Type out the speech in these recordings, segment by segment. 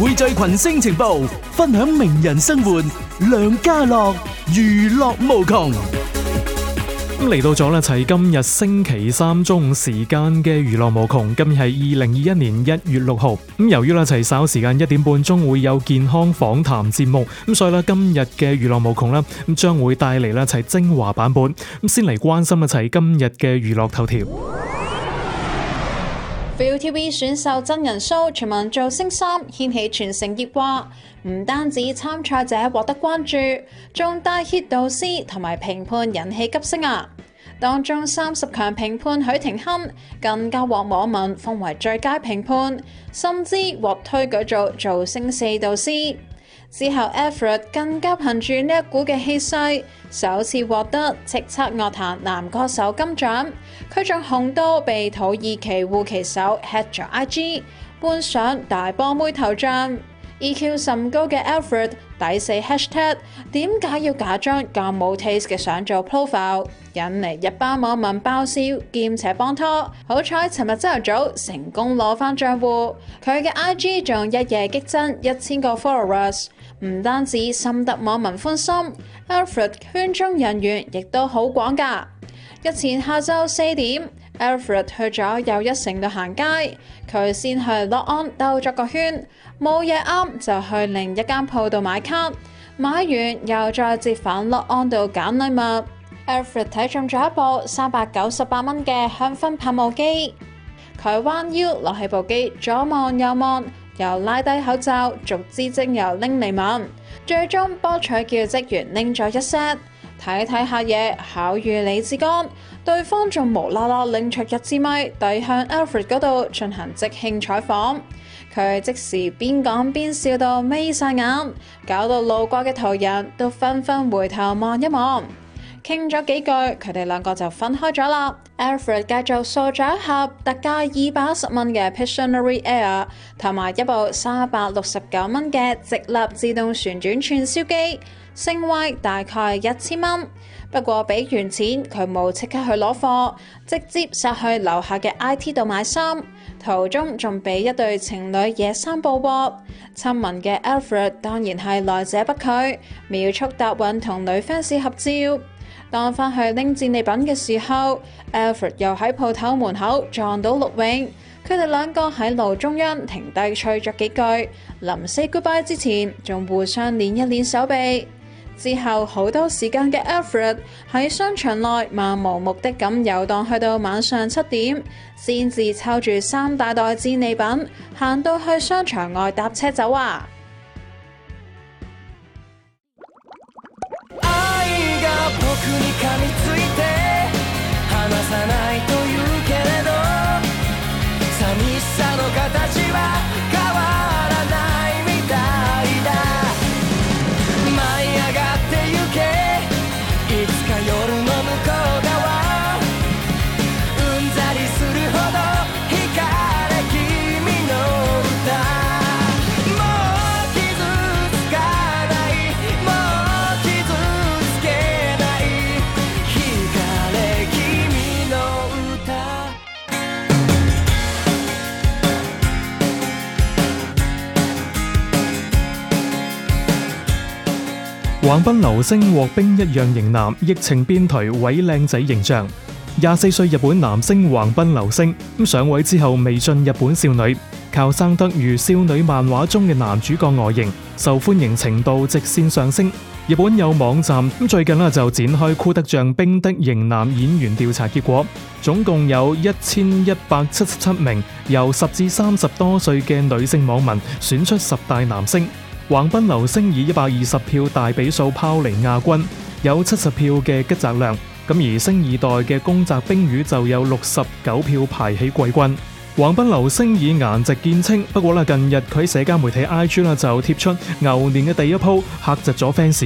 匯聚群星情報，分享名人生活，梁家樂，娛樂無窮。咁嚟到咗啦，齊今日星期三中午時間嘅娛樂無窮，今日係二零二一年一月六號。咁由於啦，齊稍時間一點半鐘會有健康訪談節目，咁所以啦，今日嘅娛樂無窮啦，咁將會帶嚟啦，齊精華版本。咁先嚟關心一齊今日嘅娛樂頭條。《ViuTV》選秀真人 show 全民造星三掀起全城熱話，唔單止參賽者獲得關注，仲帶血導師同埋評判人氣急升啊！當中三十強評判許廷鏗更加獲網民封為最佳評判，甚至獲推舉做造星四導師。之後，艾弗遜更加憑住呢一股嘅氣勢，首次獲得叱咤樂壇男歌手金獎。佢仲紅到被土耳其護旗手 hack 咗 IG，搬上大波妹頭像。EQ 甚高嘅 Alfred 抵死 hashtag，點解要假裝咁冇 taste 嘅相做 profile？引嚟一班網民爆笑兼且幫拖。好彩，尋日朝頭早成功攞翻賬戶。佢嘅 IG 仲一夜激增一千個 followers，唔單止深得網民歡心 ，Alfred 圈中人緣亦都好廣噶。日前下晝四點。Alfred 去咗又一城度行街，佢先去 LOG-ON 兜咗個圈，冇嘢啱就去另一間鋪度買卡，買完又再折返 LOG-ON 度揀禮物。Alfred 睇中咗一部三百九十八蚊嘅香薰噴霧機，佢彎腰攞起部機，左望右望，又拉低口罩，逐支精油拎嚟聞，最終博彩叫職員拎咗一 set。睇睇下嘢，巧遇李志剛，對方仲無啦啦拎出一支咪遞向 Alfred 嗰度進行即興採訪，佢即時邊講邊笑到眯晒眼，搞到路過嘅途人都紛紛回頭望一望。傾咗幾句，佢哋兩個就分開咗啦。Alfred 繼續掃咗一盒特價二百一十蚊嘅 Pictionary Air，同埋一部三百六十九蚊嘅直立自動旋轉串燒機。升威大概一千蚊，不過俾完錢，佢冇即刻去攞貨，直接殺去樓下嘅 I T 度買衫。途中仲俾一對情侶野生捕獲，親民嘅 Alfred 當然係來者不拒，秒速答允同女 fans 合照。當翻去拎戰利品嘅時候，Alfred 又喺鋪頭門口撞到陸永，佢哋兩個喺路中央停低，吹咗幾句，臨 say goodbye 之前仲互相捏一捏手臂。之後好多時間嘅 Alfred 喺商場內漫無目的咁遊蕩，去到晚上七點，先至抽住三大袋戰利品，行到去商場外搭車走啊！ 橫濱流星和冰一樣型男，疫情變頹毀靚仔形象。廿四歲日本男星橫濱流星，咁上位之後未進日本少女，靠生得如少女漫畫中嘅男主角外形，受歡迎程度直線上升。日本有網站咁最近呢就展開酷得像冰的型男演員調查，結果總共有一千一百七十七名由十至三十多歲嘅女性網民選出十大男星。橫濱流星以一百二十票大比數拋離亞軍，有七十票嘅吉澤亮，咁而星二代嘅宮澤冰魚就有六十九票排起季軍。橫濱流星以顏值見稱，不過近日佢社交媒體 I G 就貼出牛年嘅第一鋪，吓窒咗 fans。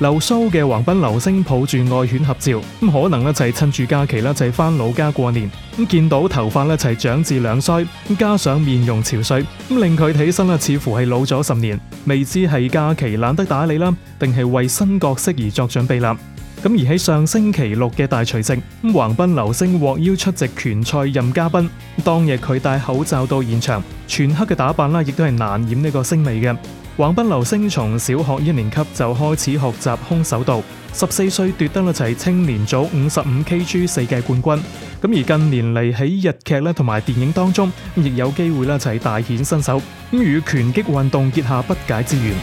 留鬚嘅橫濱流星抱住愛犬合照，可能就係趁住假期就翻老家過年，咁見到頭髮咧就長至兩腮，加上面容憔悴，令佢睇起身似乎係老咗十年。未知係假期懶得打理啦，定係為新角色而作準備啦？咁而喺上星期六嘅大除夕，咁橫濱流星獲邀出席拳賽任嘉賓。當日佢戴口罩到現場，全黑嘅打扮啦，亦都係難掩呢個星味嘅。橫濱流星從小學一年級就開始學習空手道，十四歲奪得一齊青年組五十五 kg 世界冠軍。咁而近年嚟喺日劇咧同埋電影當中，亦有機會一齊大顯身手，咁與拳擊運動結下不解之緣。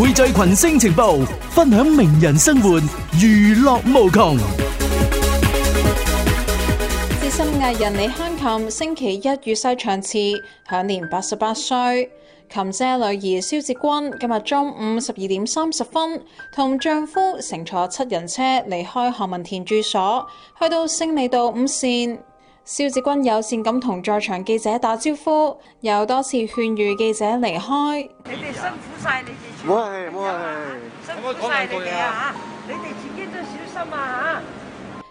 匯聚群星情報，分享名人生活，娛樂無窮。資深藝人李香琴星期一與世長辭，享年八十八歲，琴姐女兒蕭捷君今日中午十二點三十分，同丈夫乘坐七人車離開何文田住所，去到星美道五綫。蕭志軍友善咁同在場記者打招呼，又多次勸喻記者離開。你哋辛苦晒，你哋我係我係，我辛苦晒你哋啊！你哋自己都小心啊！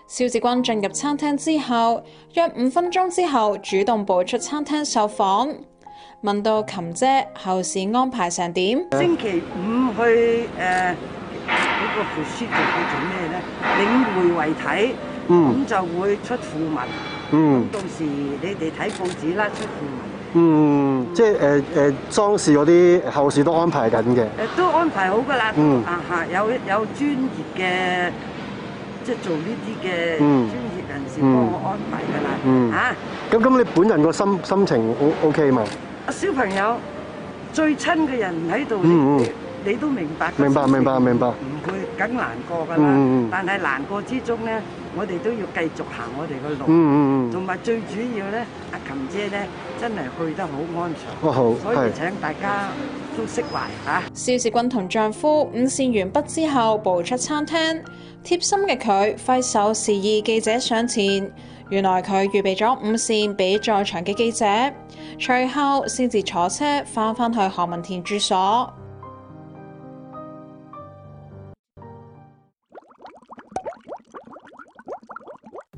蕭志軍進入餐廳之後，約五分鐘之後主動步出餐廳受訪，問到琴姐後事安排成點？嗯、星期五去誒，嗰、呃那個佛師做咩咧？領回遺體，咁就會出訃文。嗯，到時你哋睇報紙啦，出乎嗯，即係誒誒，喪事嗰啲後事都安排緊嘅，誒都安排好噶啦，啊吓有有專業嘅即係做呢啲嘅專業人士幫我安排噶啦，啊，咁咁你本人個心心情 OK 嘛？阿小朋友最親嘅人喺度，嗯嗯，你都明白，明白明白明白，唔會梗難過噶啦，但係難過之中咧。我哋都要繼續行我哋嘅路，同埋、嗯、最主要咧，阿琴姐咧真係去得好安詳，哦、所以請大家都釋懷嚇。肖時軍同丈夫午膳完畢之後，步出餐廳，貼心嘅佢揮手示意記者上前。原來佢預備咗午膳俾在場嘅記者，隨後先至坐車翻返去何文田住所。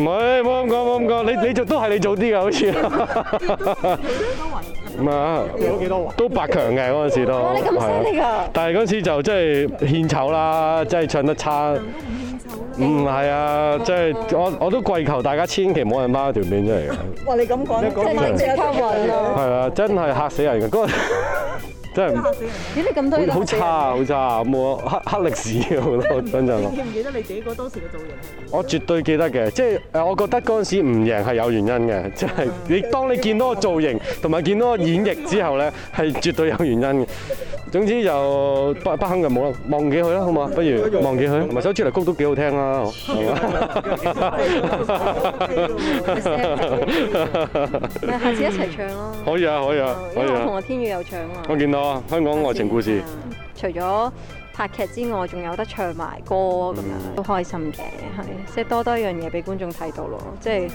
唔係，冇咁講，冇咁講，你你做都係你做啲㗎，好似咁啊，贏幾多都百強嘅嗰陣時都係啊！但係嗰陣時就真係獻醜啦，真係唱得差。唔係啊，即係我我都跪求大家千祈唔好去掹條片出嚟嘅。哇！你咁講，即係掹啊！真係嚇死人嘅。真係嚇死人。咦、欸！你咁多好差好差，冇黑黑歷史好多等陣。記唔不記得你自己嗰當時嘅造型？我絕對記得嘅，即係誒，我覺得嗰陣時唔贏係有原因嘅，即係你當你見到個造型同埋見到個演繹之後咧，係絕對有原因嘅。 總之就不不肯就冇啦，忘記佢啦好嘛？不如忘記佢。同埋首主題曲都幾好聽啦，係嘛？ 下次一齊唱咯！可以啊，可以啊，因為我可以啊！同阿、啊、天宇有唱啊！我見到啊，香港愛情故事、啊，除咗拍劇之外，仲有得唱埋歌咁樣，嗯、都開心嘅，係即係多多一樣嘢俾觀眾睇到咯，即係。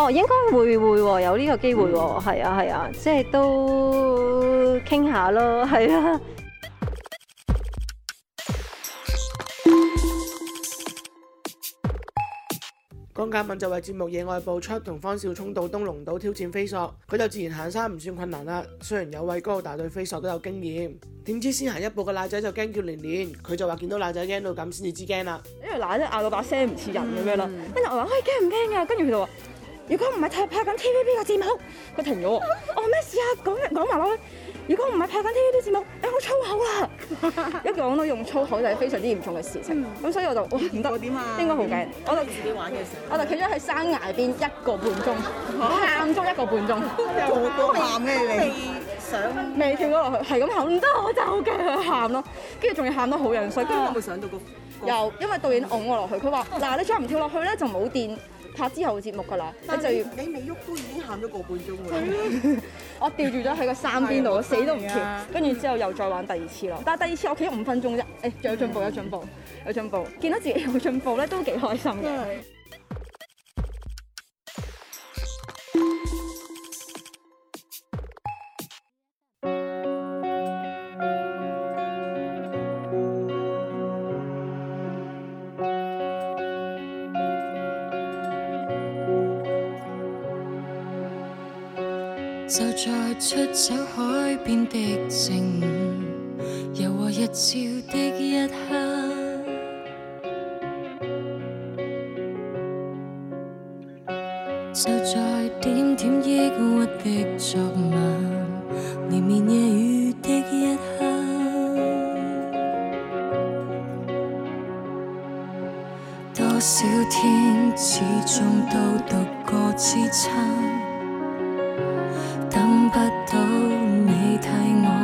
哦，應該會會有呢個機會喎，係啊係啊，即係都傾下咯，係啊。就是、都下是啊江嘉敏就為節目野外播出，同方紹聰到東龍島挑戰飛索。佢就自然行山唔算困難啦。雖然有畏高，但係對飛索都有經驗。點知先行一步嘅奶仔就驚叫連連，佢就話見到奶仔驚到咁先至知驚啦，因為奶仔嗌到把聲唔似人咁樣啦。跟住、嗯、我話：，哎，驚唔驚啊？跟住佢就話。如果唔係拍拍緊 TVB 嘅節目，佢停咗喎。我咩事啊？講講埋落去。如果唔係拍緊 TVB 節目，你好粗口啦、啊。一講到用粗口就係非常之嚴重嘅事情。咁、嗯、所以我就哇唔得，點啊、應該好驚。嗯、我就自己玩嘅時候，我就企咗喺山崖邊一個半鐘，喊足一個半鐘。都喊咩嚟？未想，未跳到落去，係咁喊。唔得，我就好驚佢喊咯。跟住仲要喊得好樣衰唉。所以跟住我冇想到又因為導演擁我落去，佢話：嗱、哦啊，你再唔跳落去咧，就冇電。拍之後嘅節目㗎啦，即係是你未喐都已經喊咗個半鐘㗎啦。我吊住咗喺個山邊度， 我死都唔跳。跟住之後又再玩第二次咯。但係第二次我企咗五分鐘啫。誒、哎，仲有進步，嗯、有進步，有進步，有進步，見到自己有進步咧，都幾開心嘅。正柔和日照的一刻，就在點點抑鬱的昨晚，連綿夜雨的一刻，多少天始終都獨個支撐，等不。